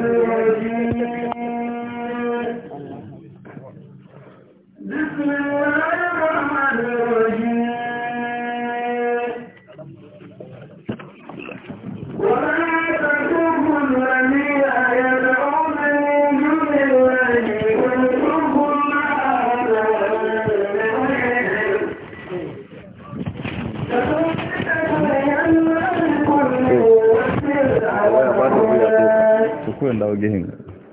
Gracias.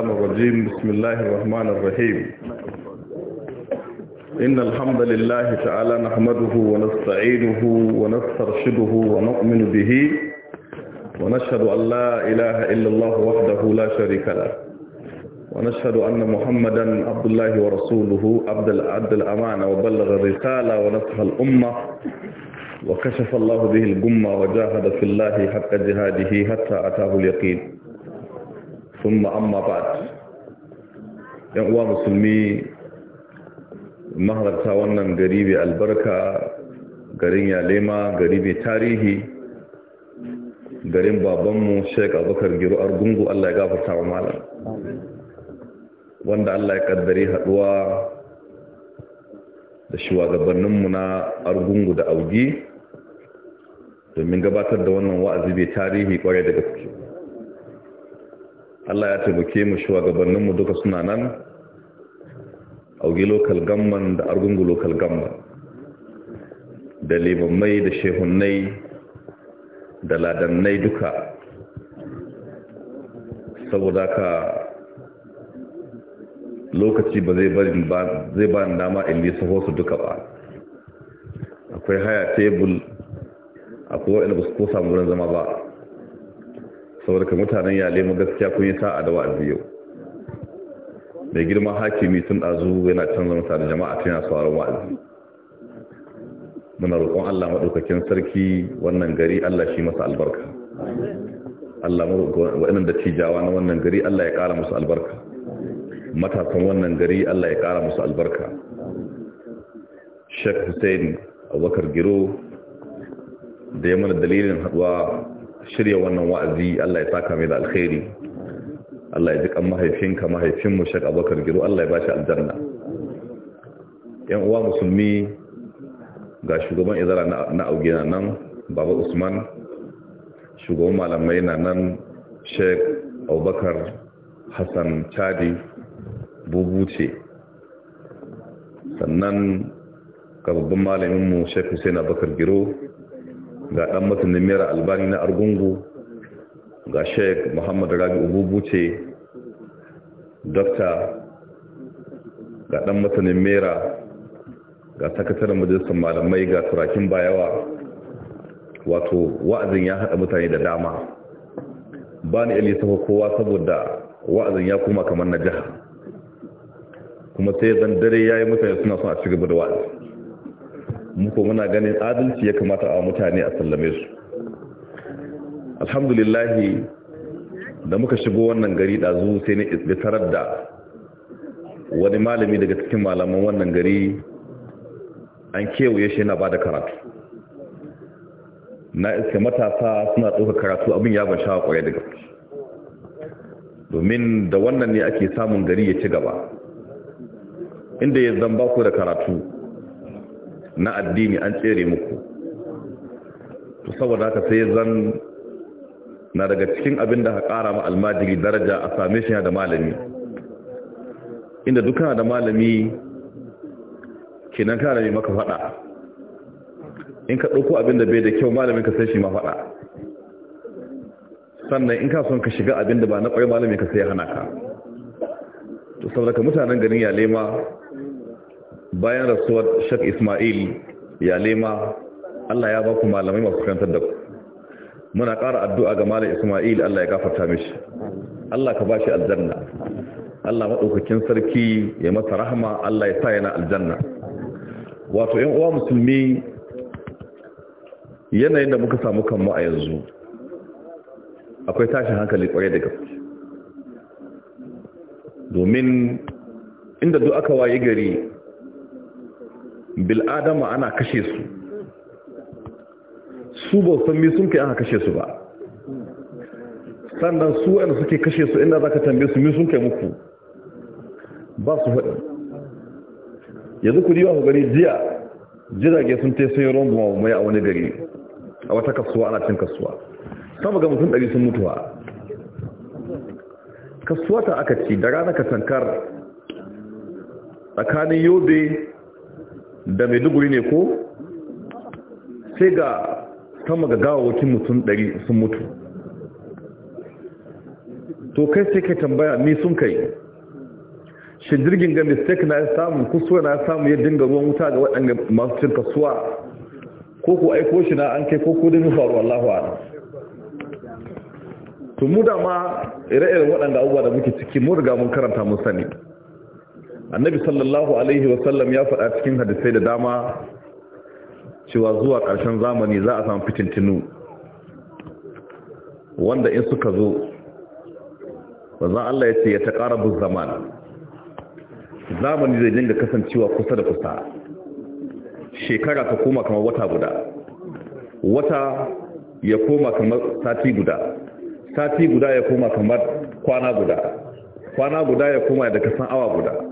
الشيطان الرجيم بسم الله الرحمن الرحيم إن الحمد لله تعالى نحمده ونستعينه ونسترشده ونؤمن به ونشهد أن لا إله إلا الله وحده لا شريك له ونشهد أن محمدا عبد الله ورسوله عبد العبد الأمانة وبلغ الرسالة ونصح الأمة وكشف الله به الجمة وجاهد في الله حق جهاده حتى أتاه اليقين sun ma'amma ba yan uwa musulmi mahalarta wannan gari mai albarka garin yalema gari mai tarihi garin babanmu sheik abubakar giro argungu allah ya gafarta wa malam wanda allah ya kaddare haduwa da mu na argungu da augi domin gabatar da wannan wa'azi mai tarihi kwarai da gaske Allah ya taimake mu shugabanninmu duka suna nan auge lokal gamman da argungu lokal gamman da limammai da shehunnai da ladannai duka saboda ka lokaci ba zai bari ba zai ba ni dama in lisa su duka ba akwai haya tebul akwai waɗanda ba su ko samu wurin zama ba saboda ka mutanen yale mu gaskiya kun yi sa'a da wa'azi yau mai girma hakimi tun ɗazu yana canza mutane jama'a ta yana sauran wa'azi muna roƙon Allah maɗaukakin sarki wannan gari Allah shi masa albarka Allah waɗannan da cijawa na wannan gari Allah ya ƙara musu albarka matasan wannan gari Allah ya ƙara musu albarka Sheikh Hussein Abubakar Giro da ya mana dalilin haɗuwa shirya wannan wa'azi Allah ya saka mai da alkhairi Allah ya ji kan mahaifinka mahaifinmu shaƙa bakar Giro Allah ya bashi aljanna yan uwa musulmi ga shugaban izara na augina nan Baba Usman shugaban malamai na nan sheik Abubakar Hassan Chadi bubuce sannan ga babban malaminmu sheik Hussein Abubakar Giro ga ɗan masanin mera albani na argungu ga sheik muhammad rabi ububuce dokta ga ɗan masanin mera ga sakataren majalisar malamai ga turakin bayawa wato wa'azin ya haɗa mutane da dama ba ni ilisa kowa saboda wa'azin ya koma kamar na jiha kuma sai zan dare ya yi mutane suna son a cigaba da wa'azin muku muna ganin adalci ya kamata a mutane a sallame su alhamdulillahi da muka shigo wannan gari ɗazu sai na tarar da wani malami daga cikin malaman wannan gari an kewaye shi yana ba karatu na iske matasa suna ɗauka karatu abin ya ban sha kwaye daga domin da wannan ne ake samun gari ya ci gaba inda ya zan baku da karatu na addini an tsere muku to saboda haka sai zan na daga cikin abin da ka ƙara ma almajiri daraja a same shi da malami inda duka da malami kenan kana mai maka faɗa in ka ɗauko abin da bai da kyau malamin ka sai shi ma faɗa sannan in ka son ka shiga abin da ba na ƙwai malamin ka sai hana ka to saboda ka mutanen garin yalema bayan rasuwar shak ismail ya lema allah ya ba ku malamai masu kantar da ku muna kara addu'a ga malam ismail allah ya gafarta mishi allah ka ba shi aljanna allah maɗaukakin sarki ya masa rahama allah ya sa yana aljanna wato yan uwa musulmi yanayin da muka samu kanmu a yanzu akwai tashin hankali kwarai da gaske domin inda duk aka waye gari bil'adama ana kashe su su ba san me sun kai aka kashe su ba sannan su wanda suke kashe su inda za ka tambaye su me sun kai muku ba su faɗi yanzu ku diwa ku gani jiya jirage sun te sun yi rombo mai a wani gari a wata kasuwa ana cin kasuwa sama ga mutum ɗari sun mutuwa kasuwa ta aka ci da rana ka tankar tsakanin yobe da maiduguri ne ko sai ga sama ga gawawakin mutum ɗari sun mutu to kai sai kai tambaya ni sun kai shi jirgin ga mistake na ya samu na samu ya dinga ruwan wuta ga waɗanda masu cin kasuwa ko ku aiko shi na an kai ko ko dai faru Allahu a'lam to mu da ma ire-iren waɗanda abubuwa da muke ciki mu riga mun karanta mun sani annabi sallallahu alaihi wasallam ya faɗa cikin hadisai da dama cewa zuwa ƙarshen zamani za a samu fitintinu wanda in suka zo wanzan Allah ya ce ya ta ƙara zaman zamani zai dinga kasancewa kusa da kusa shekara ka koma kamar wata guda wata ya koma kamar sati guda sati guda ya koma kamar kwana guda kwana guda ya koma da kasan awa guda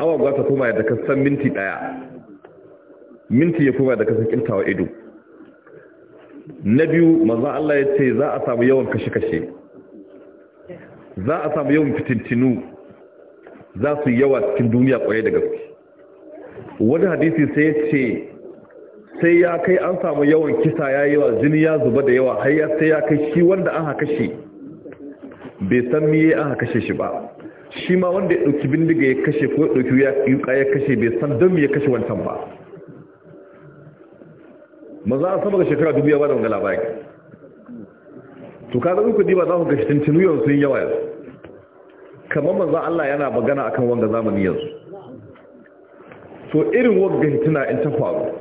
awa guda ta koma da kasan minti daya minti ya koma da kasan kintawa ido na biyu manzan Allah ya ce za a samu yawan kashe-kashe za a samu yawan fitintinu za su yawa cikin duniya kwaye da gaske wani hadisi sai ya ce sai ya kai an samu yawan kisa ya yawa jini ya zuba da yawa har ya sai ya kai shi wanda an haka shi bai san miye an haka shi ba shi ma wanda ya ɗauki bindiga ya kashe ko ya ɗauki yuka ya kashe bai san don ya kashe wancan ba maza a sama ga shekara dubu yawa da wanga labari to ka zaɓi kudi ba za ku gashi tuntunu yau sun yawa yanzu kamar maza Allah yana magana akan wanga zamani yanzu to irin wanga hituna in ta faru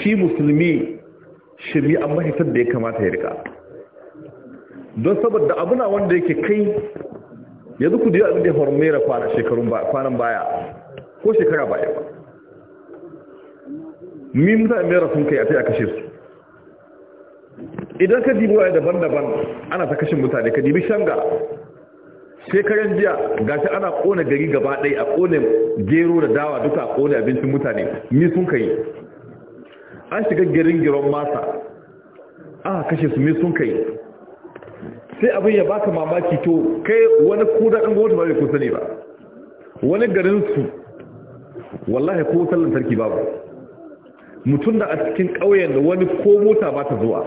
shi musulmi an mahitar da ya kamata ya rika don saboda abuna wanda yake kai yanzu ku diyo abin da ya faru mera kwana shekarun kwanan baya ko shekara baya ba za mutane mera sun kai a ta kashe su idan ka dibi ya daban-daban ana ta kashe mutane ka dibi shanga shekaran jiya ga shi ana kone gari gaba ɗaya a kone gero da dawa duka a kone abincin mutane mi sun kai an shiga gerin giron masa aka kashe su mi sun kai sai abin ya baka mamaki to kai wani ko daɗin gwamnati ba zai kusa ne ba wani garin su wallahi ko wutar lantarki babu mutum da a cikin ƙauyen da wani ko mota ba ta zuwa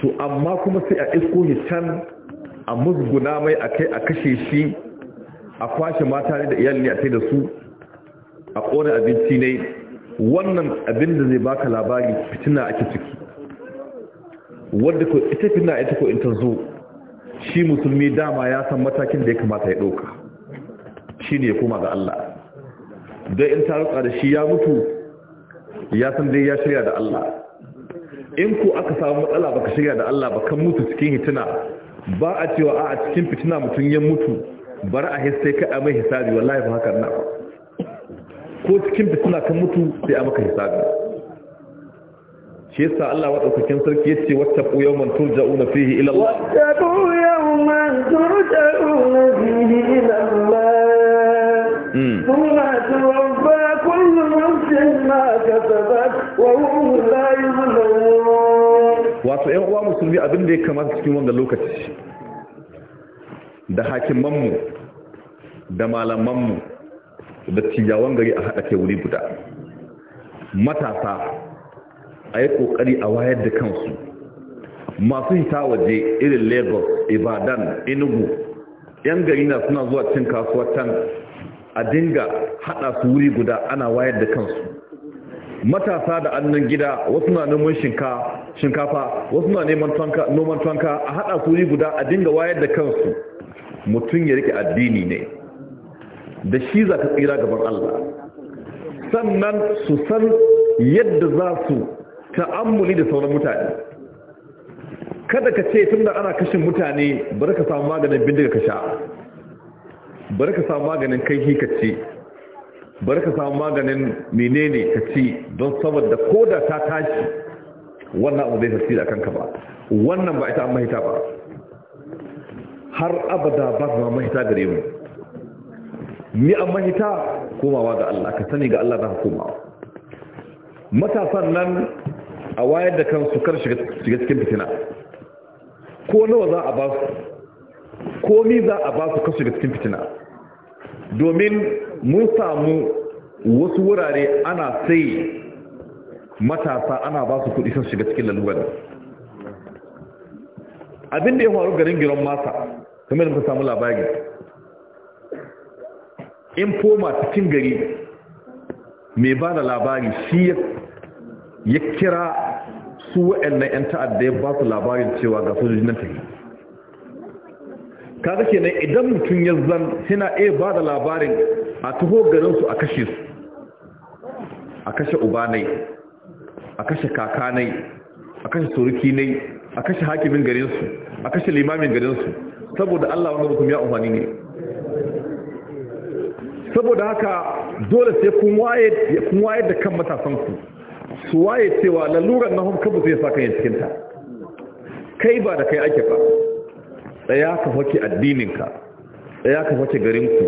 to amma kuma sai a isko can a musguna mai a kai a kashe shi a kwashe mata ne da iyalini a kai da su a ƙone abinci ne wannan abin da zai baka labari fitina ake ciki wadda ko ita fitna ita ko in ta zo shi musulmi dama ya san matakin da ya kamata ya ɗauka shi ne ya koma ga Allah don in ta da shi ya mutu ya san dai ya shirya da Allah in ku aka samu matsala baka shirya da Allah ba kan mutu cikin hituna ba a cewa a a cikin fitina mutum ya mutu bar a hisse ka a mai hisabi wallahi ba haka na ko cikin fitina kan mutu sai a maka hisabi shi yasa Allah madaukakin sarki yace wattaqu yawman turja'una fihi ila Allah wattaqu yawman turja'una fihi ila Allah hmm. thumma tuwaffa kullu nafsin ma kasabat wa hum la yuzlamun wato ƴan uwa musulmi abin da ya kamata cikin wannan lokaci da hakimanmu da malamanmu da tijawan gari a haɗa kai wuri guda matasa a yi kokari a wayar da kansu masu hita waje irin lagos ibadan inugu yan gari na suna zuwa cin kasuwar can a dinga hada su wuri guda ana wayar da kansu matasa da annan gida wasu na neman shinkafa wasu na neman noman a hada su wuri guda a dinga wayar da kansu mutum ya rike addini ne da shi za ka tsira gaban Allah sannan su san yadda za su ta'ammuli da sauran mutane kada ka ce tunda ana kashin mutane bari ka samu maganin bindiga ka sha bari ka samu maganin kai ka ci bari ka samu maganin menene ka ci don saboda koda ta tashi wannan abu zai tafi da ka ba wannan ba ita an mahita ba har abada ba ma mahita gare mu ni an mahita komawa ga Allah ka sani ga Allah za ka matasan nan a wayar da kansu kar shiga cikin fitina ko nawa za a ba su ko ni za a ba su kar shiga cikin fitina domin mun samu wasu wurare ana sai matasa ana ba su kudi sun shiga cikin lalubar abin da ya faru garin giron masa kamar da samu labari in foma cikin gari mai ba da labari shi ya ya kira su waɗannan 'yan ta'adda ya ba su labarin cewa ga sojojin nan tafi kaga kenan idan mutum ya zan suna iya ba da labarin a taho garinsu a kashe su a kashe ubanai a kashe kakanai a kashe surukinai a kashe hakimin garinsu a kashe limamin garinsu saboda Allah wani mutum ya umarni ne saboda haka dole sai kun waye da kan matasanku su waye cewa lalurar na hun kabu zai sa kan cikinta kai ba da kai ake ba tsaya ka hoki addininka tsaya ka hoki garinku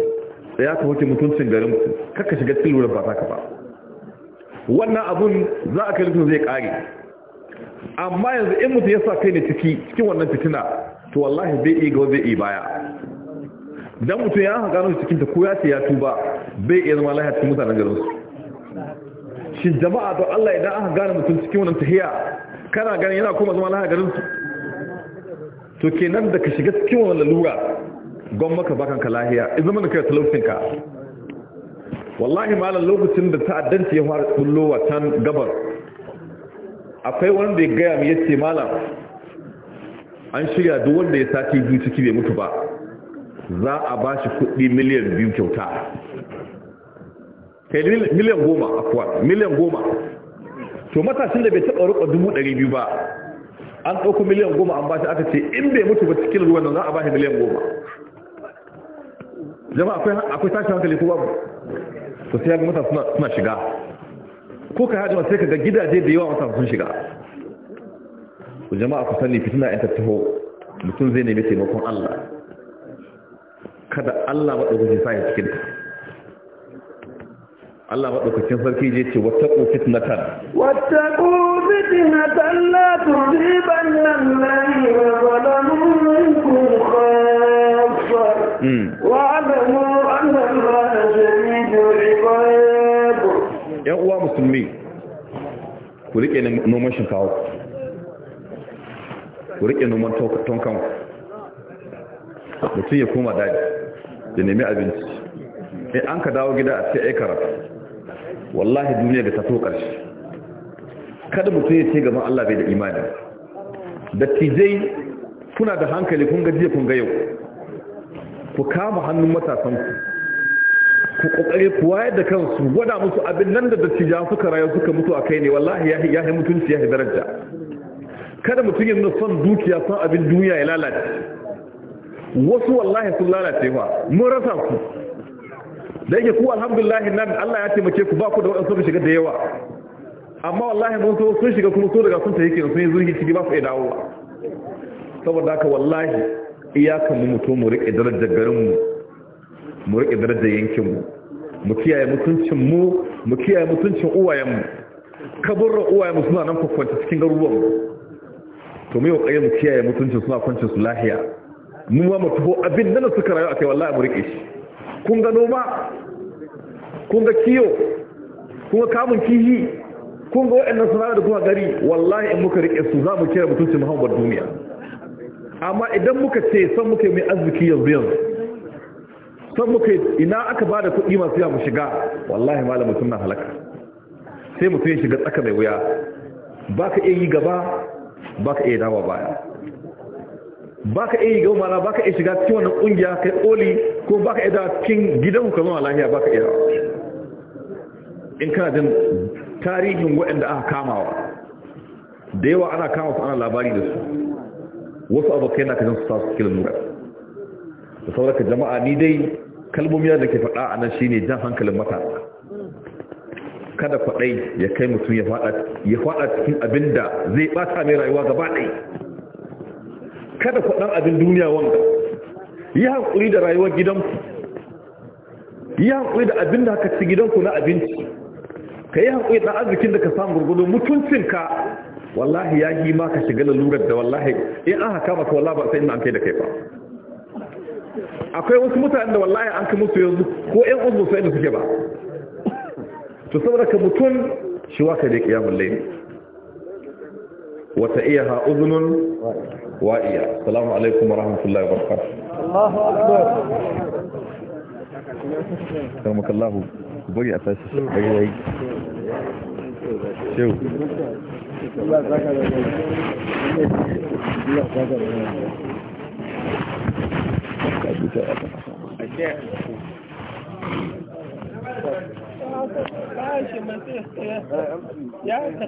tsaya ka hoki mutuncin garinku kakka shiga cikin lura ba ta ka ba wannan abun za a kai zai kare amma yanzu in mutu ya sa kai ne ciki cikin wannan fitina to wallahi bai iya gaba bai iya baya dan mutum ya haka gano cikin ta ko ya ce ya tuba bai iya zama lahiya cikin mutanen garinsu shi jama'a don Allah idan aka gane mutum cikin wannan tahiya kana ganin yana koma zama laha garin to kenan da ka shiga cikin wannan lalura gwan ka bakan ka lahiya in zama da kai talaucin ka wallahi malam lokacin da ta'addanci ya fara kullowa can gabar akwai wanda ya gaya mai yace malam an shirya duk wanda ya sati biyu ciki bai mutu ba za a ba shi kuɗi miliyan biyu kyauta kai miliyan goma afuwa miliyan goma to matashin da bai taɓa rukwa dubu ɗari biyu ba an ɗauko miliyan goma an bashi aka ce in bai mutu ba cikin ruwan nan za a bashi miliyan goma jama'a akwai tashi hankali ko babu to sai ya ga matasa suna shiga ko ka hajjima sai ka ga gidaje da yawa matasa sun shiga ku jama'a ku sani fitina yan tattaho mutum zai nemi taimakon Allah kada Allah maɗaukacin sa ya cikin ta Allah maɗaukakin sarki je ce wata na fitnatan wata na tan la tuziban nan yi wa zalamu minkum khassa hmm. wa alamu anna Allah shadidul iqab yan uwa musulmi ku rike noman shinkawa ku riƙe noman tonkan mutum ya koma daji ya nemi abinci in an ka dawo gida a ce ai wallahi duniya ta so ƙarshe kada mutum ya ce gaban Allah bai da imani dattijai kuna da hankali kun gajiya kun ga yau ku kama hannun matasanku ku ƙoƙari ku wayar da kansu wada musu abin nan da dattijan suka rayu suka mutu a kai ne wallahi ya yi mutunci ya yi daraja kada mutum yin son dukiya son abin duniya ya lalace wasu wallahi sun lalace ba mun rasa su. da yake ku alhamdulillah nan Allah ya taimake ku ba ku da wadansu shiga da yawa amma wallahi mun so sun shiga kuma so daga sun ta yake sun yi zurgi ciki ba su iya ba saboda haka wallahi iyaka mu mutu mu riƙe darajar garin mu mu riƙe darajar yankin mu mu kiyaye mutuncin mu mu kiyaye mutuncin uwayen mu kaburra uwaye mu suna nan kwakwanci cikin garuruwan mu to mu yi mu kiyaye mutuncin suna kwancin su lahiya mu ma mu tuho abin da suka rayu akai wallahi mu riƙe shi kun gano ma kun ga kiyo kun ga kamun kihi kun ga waɗannan sana'a da kuma gari wallahi in muka rike su za mu kira mutuncin muhammad duniya amma idan muka ce san muka yi mai arziki yanzu yanzu san muka ina aka ba da kuɗi masu yawa mu shiga wallahi malam mutum na halaka sai mutum ya shiga tsaka mai wuya ba ka iya yi gaba ba ka iya dawa baya ba ka iya yi gaba mara ba ka iya shiga cikin wannan ƙungiya kai ƙoli ko ba ka iya dawa cikin gidan hukumar lahiya ba ka iya dawa in kana jin tarihin waɗanda aka kamawa da yawa ana kama su ana labari da su wasu abokai na kajin su sa su kila nura da sauraka jama'a ni dai kalmomi da ke faɗa a nan shi ne jan hankalin matasa kada kwaɗai ya kai mutum ya faɗa cikin abin da zai ɓata mai rayuwa gaba ɗai kada kwaɗan abin duniya wanda yi hankuri da rayuwar gidanku yi hankuri da abin da haka ci gidanku na abinci ka yi hankali ɗan arzikin da ka samu gurgudu ka. wallahi ya yi ma ka shiga lalurar da wallahi in an haka maka wallahi ba sai ina an kai da kai ba akwai wasu mutane da wallahi an kai musu yanzu ko yan uzu sai da suke ba to saboda ka mutun shi wa ka da kiyamul layl wa ta'iha uzunun wa iya assalamu alaikum wa rahmatullahi wa barakatuh Allahu akbar ku bari a tashi bari yayi shehu ya